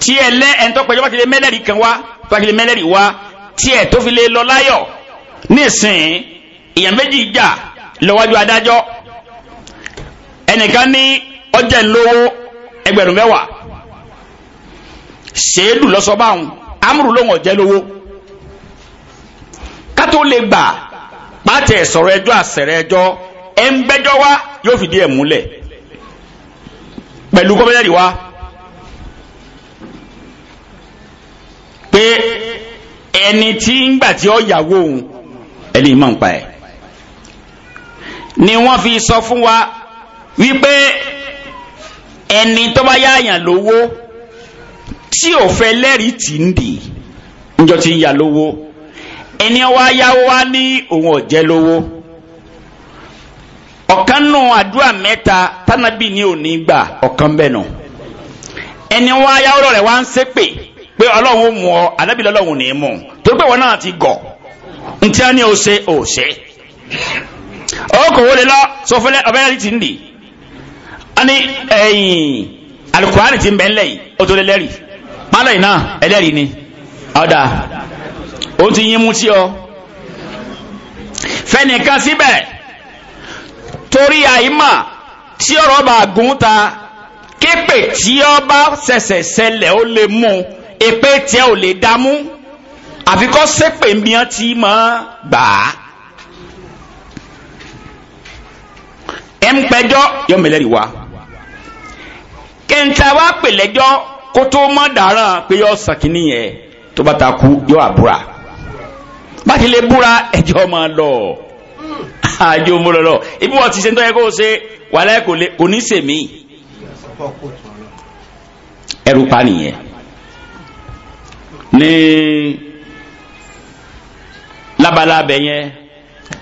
tí ẹ lẹ́ ẹni tó pẹ̀jọ́ bá ti lè mẹ́lẹ́rì kan wá bá ti lè mẹ́lẹ́rì wá tí ẹ tó fi lè lọ láyọ̀ nísìnyí èèyàn méjì jà lọ́wájú adájọ́ ẹnìkan ní ọjà ìlówó ẹgbẹ̀rún mẹ́wàá ṣèédù lọ́sọ báwọn amúrù lóhùn ọ̀jẹ́ lówó tó lè gbà pàtẹ sọ̀rọ̀ ẹjọ́ àṣẹrẹ̀ ẹjọ́ ẹ̀ ń yóò fìdí ẹ̀ múlẹ̀ pẹ̀lú kọ́mẹ́rẹ́rì wa pé ẹni tí ń gbà tí ó yàwó òun ẹni mọ̀ ń pa ni wọ́n fi sọ fún wa wípé ẹni tó bá yáàyàn lówó tí ò fẹ́ lẹ́rìí tì ń dì níjọ́ tí ń yà lówó ẹni ọwọ yáwó wá ní òun ọ̀jẹ́ lówó ọ̀kan nù àdúrà mẹ́ta tánàbí ni ò gbà nù ẹni rẹ̀ wá ń pé ọlọ́run ó mú ọ ànábì lọ́lọ́run ní mú tó pé wọn náà ti gọ ntí a ní o ṣe o ṣe ti ń ani ti ń ń tó lé má náà ó ti yín mú tí ọ fẹnìkan síbẹ̀ torí àìmọ̀ tí ọ̀rọ̀ bá gún ta képè tí ọ bá ṣẹ̀ṣẹ̀ ṣẹlẹ̀ ó lè mú èpè tí ò lè dámú àfikọ́ sépè mìíràn tí mọ́ gbà á. ẹ ń pẹjọ́ yọ mẹlẹ́rìí wa kẹntà wa pè lẹ́jọ́ kó tó mọ̀ dáràn pé yọ sàkínì yẹn tó bá ta kú yọ àbúrà báti lè búra ẹjọ́ máa lọ hmm. àjò ń bọ̀ lọ ibi wọ́n ti ṣe ń tọ́yẹ kó o ṣe wàhálà kò ní sèmi ẹrù pa nìyẹn ní lábala abẹ yẹn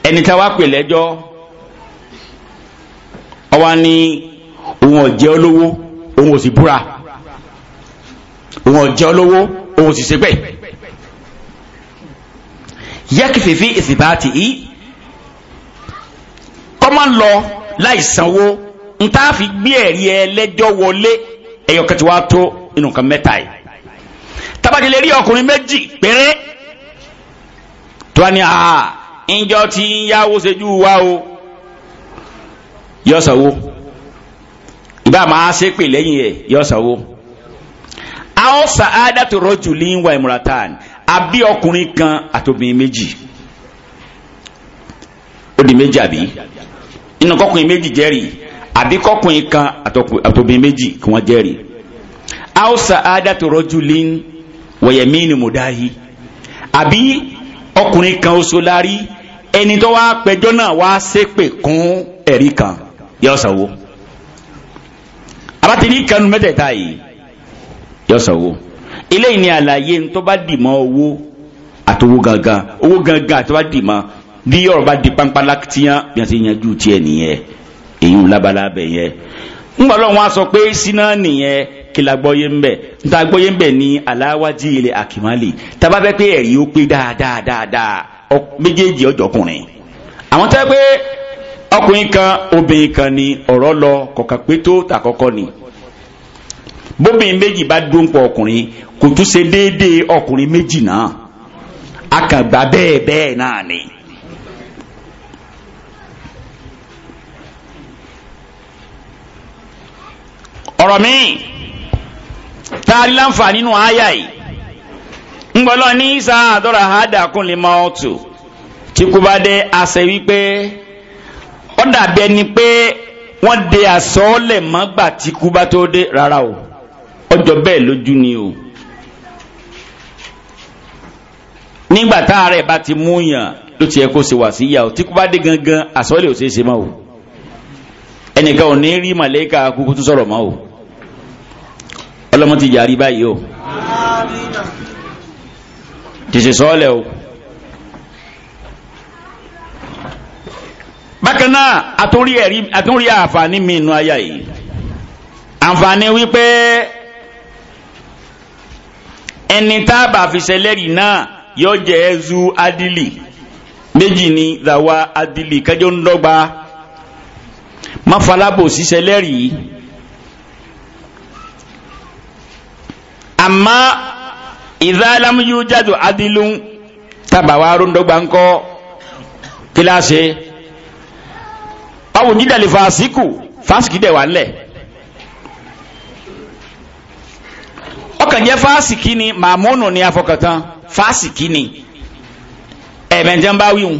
ẹni tí a wá pè lẹ́jọ́ ọwọ́ ni òun ọ̀jẹ́ olówó òun ò sì búra òun ọ̀jẹ́ olówó òun ò sì ṣépè yẹ́kìfì fi ìsìbáàtì yìí kọ́mọ́ lọ láì sanwó n tá a fi gbé ẹ̀rí ẹlẹ́jọ́ wọlé ẹ̀yọkẹ́ tí wàá tó inú kan mẹ́ta yìí tabadìlẹ̀ rí ọkùnrin méjì péré tó a ní a ìjọ tí ń yáwó ṣẹ́jú wa o yọ sanwó ìbá máa ṣe pè lẹ́yìn ẹ̀ yọ sanwó. àwọn sàádà rọ́jù lè ń wà ìmúratán àbí ọkùnrin kan àtòbìnrin méjì ó di méjì àbí inú kọkùnrin méjì jẹ́rìí àbí kọkùnrin kan àtòbìnrin méjì kí wọ́n jẹ́rìí aosa adatu rojulin wọ̀yẹ̀mínú mọ̀dáhì àbí ọkùnrin kan oṣù lárí ẹni tó wá pẹjọ́ náà wá ṣépè kún ẹ̀rí kan yóò sanwó abatini kanu mẹ́tẹ̀ẹ̀ta yìí yóò sanwó eléyìí ni àlàyé ń tó bá dì mọ́ owó àtowó gangan owó gangan àtowó dì mọ́ bí ọ̀rọ̀ bá di pampala tiyan bí wọ́n ti yanjú tiẹ̀ nìyẹn èyí ń labala bẹ̀ yẹn ńgbà lọ́wọ́ wọn sọ pé síná nìyẹn kìlà gbọ́yé ń bẹ̀ nta gbọ́yé ń bẹ̀ ní aláwájú ilé àkìmálì tábà bẹ́ pé ẹ̀rí ó pé dáadáa dáadáa méjèèjì ọjọ́kùnrin àwọn tẹ́ pé ọkùnrin kan obìnrin kan ni ọ̀rọ̀ lọ kọ̀ọ̀kan pé tó tàkọ́kọ́ ni bóbìnrin méjì bá dún pọ̀ ọkùnrin kò tún ṣe déédéé ọkùnrin méjì náà gbà bẹ́ẹ̀ bẹ́ẹ̀ náà ni. ọ̀rọ̀ mi taari láǹfààní nínú àyà yìí ngbọ́lọ́ ní isa àdọ́rà àádàkùn lè máa ọ̀tù tí kò bá dé àṣẹ wípé ó dàbí ẹni pé wọ́n de àsọ́ọ́lẹ̀ mọ́gbà tí kú bá tó dé rárá o. ọjọ́ bẹ́ẹ̀ lójú ni o nígbà tá a rẹ̀ bá ti mú yàn ló ti yẹ kó ṣe wà sí ìyá o tí kò bá dé gangan àsọ́lẹ̀ ò ṣeé ṣe mọ́ o ẹnìkan ò ní rí màlẹ́kà kúkú tó sọ̀rọ̀ mọ́ o ọlọ́mọ ti yàrí báyìí o tètè sọ́ọ̀lẹ̀ o. bákan náà àtúnrí àǹfààní mi inú ayá yìí àǹfààní wípé. ẹni tá a bá fi náà yọ jẹ́ zu adili méjì ni dàwa adili kẹjọ ń dọ́gba máfalábò ṣiṣẹ́ lẹ́rì àmọ́ ìdálámúyú jáde adilun tábàwá rondọ́gba ńkọ́ kíláàsì awùjídàlè fàásìkù fàásìkì dẹ̀ wà ńlẹ̀. ọkàn jẹ́ fásìkí ni màmúnù ni afọkàntán fásìkí ni ẹ̀mẹ̀jẹ̀ ń bá wíwùn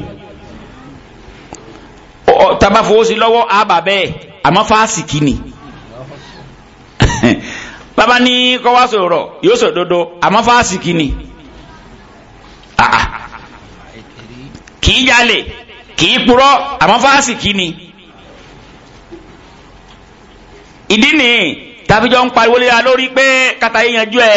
tàbá fowó sí lọ́wọ́ àbà bẹ́ẹ̀ àmọ́ fásìkí ni bàbá ní kọ́ sọ̀rọ̀ yóò sọ dodo àmọ́ fásìkí ni kì í jalè kì purọ́ àmọ́ fásìkí ni ìdí nìyí tàbíjọ́ ń pariwo lé lórí pé kàtà yìí yanjú ẹ.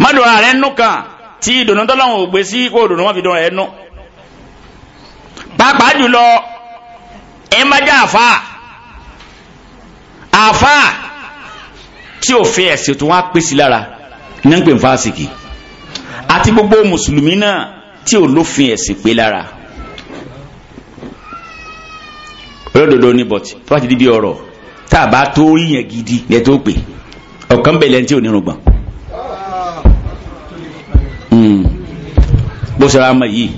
mọ́dùnrún rẹ̀ nù kan tí ìdùnnú tọ́lọ́hún ò gbé sí kó ìdùnnú wọn fi dùn rẹ̀ nù. pàápàá jùlọ ẹ má jẹ́ àfa àfa tí ò fẹ́ ẹ̀sìn tó wá pèsè lára ní pè ń àti gbogbo mùsùlùmí náà tí ò lófin ẹ̀sìn pé lára. lọ́dọ̀dọ̀ ní bọ̀tì tó bá ti di bí ọ̀rọ̀ tá a bá tó rí yẹn gidi lẹ́ tó pè ọ̀kan bẹ̀ lẹ́ni tí ò ní rògbọ̀n. Hmm. bó ṣe ra ọmọ yìí.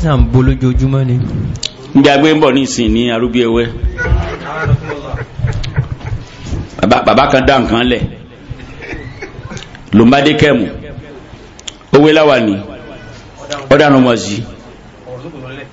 ṣé à ń bo lójoojúmọ́ ni. ń bí agbé ń bọ̀ ní ìsìn ní arúgbó ẹwẹ́ bàbá kan dá nǹkan lẹ̀ lòmbádé kẹ́mù owó láwa ni ọ̀daràn wọ̀nyí.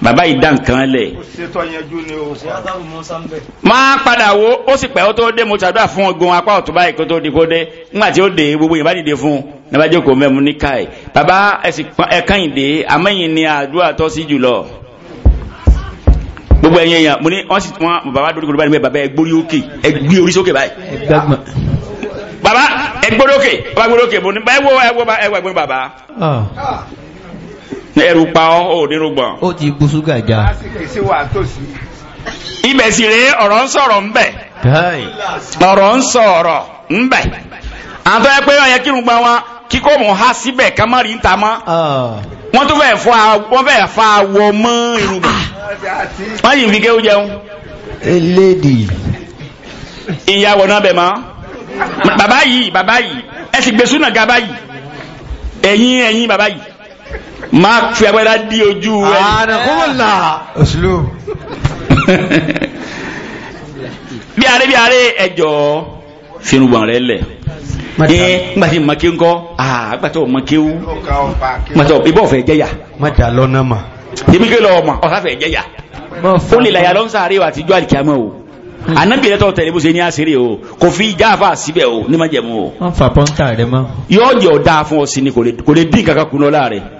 bàbá yìí dá nǹkan lẹ̀. máa padà wo ó sì pẹ́ ó tó dé mo ṣàdúrà fún ogun apá ọ̀tún báyìí kó tó di kó dé nígbà tí ó dé gbogbo yìí bá dìde fún un nígbà tí kò mẹ́mu ní káì bàbá ẹ̀kan ìdè amẹ́yìn ni àdúrà tọ́ sí jùlọ. gbogbo ẹ̀yin èèyàn mo ní wọ́n sì wọ́n bàbá dúró kúrò báyìí níbẹ̀ bàbá ẹgbórí òkè ẹgbí orí sókè báyìí. bàbá ẹgbórí òkè bàbá ẹgbórí òkè mo ní ẹrù pa ọ́ ò nírúgbọ̀n. ó ti bu ṣúgà já. ibẹ̀ sì rèé ọ̀rọ̀ ń sọ̀rọ̀ ńbẹ̀. ọ̀rọ̀ ń sọ̀rọ̀ ńbẹ̀. àtọ́ ẹ pé ọ̀yẹ́ kírùngbọ̀n wọn kíkó mọ̀ há síbẹ̀ ká má rí ta mọ́. Ah. wọ́n tún fẹ́ẹ̀ fọ wọ́n fẹ́ẹ̀ fa awọ mọ́ irúgbọ̀n. wọ́n yìí fi kéwú jẹun. eléèdì. ìyàwó náà bẹ̀ mọ́. bàbá yìí bàbá yìí ẹ sì gbé súnà gaba yìí ẹ̀yin ẹ̀yin bàbá yìí má fi agbádá dí ojú ẹ. ànàkúmọ̀lá òṣèlú. bí aré bí aré ẹjọ́ finugban rẹ lẹ̀ ẹ nígbà tí màkí ńkọ́ àgbà tó màkí wú màtọ ibà ọ̀fẹ́ jẹ́yà. má dà lọ́nà mà. èmi kí lọ ọmọ ọ̀sáfẹ́ jẹ́yà. ó lè làyà lọ́nà sáré wa àtijọ́ àdìkíámọ́ o anabi yẹtọ tẹlẹ bó ṣe ní àṣírí o kò fi ìjà o ní má jẹ̀mú o. wọ́n fa pọ́ńtà rẹ mọ́. yóò jẹ́ ọ̀dà fún ọ sí kò lè dín kankan kun lọ́la rẹ̀.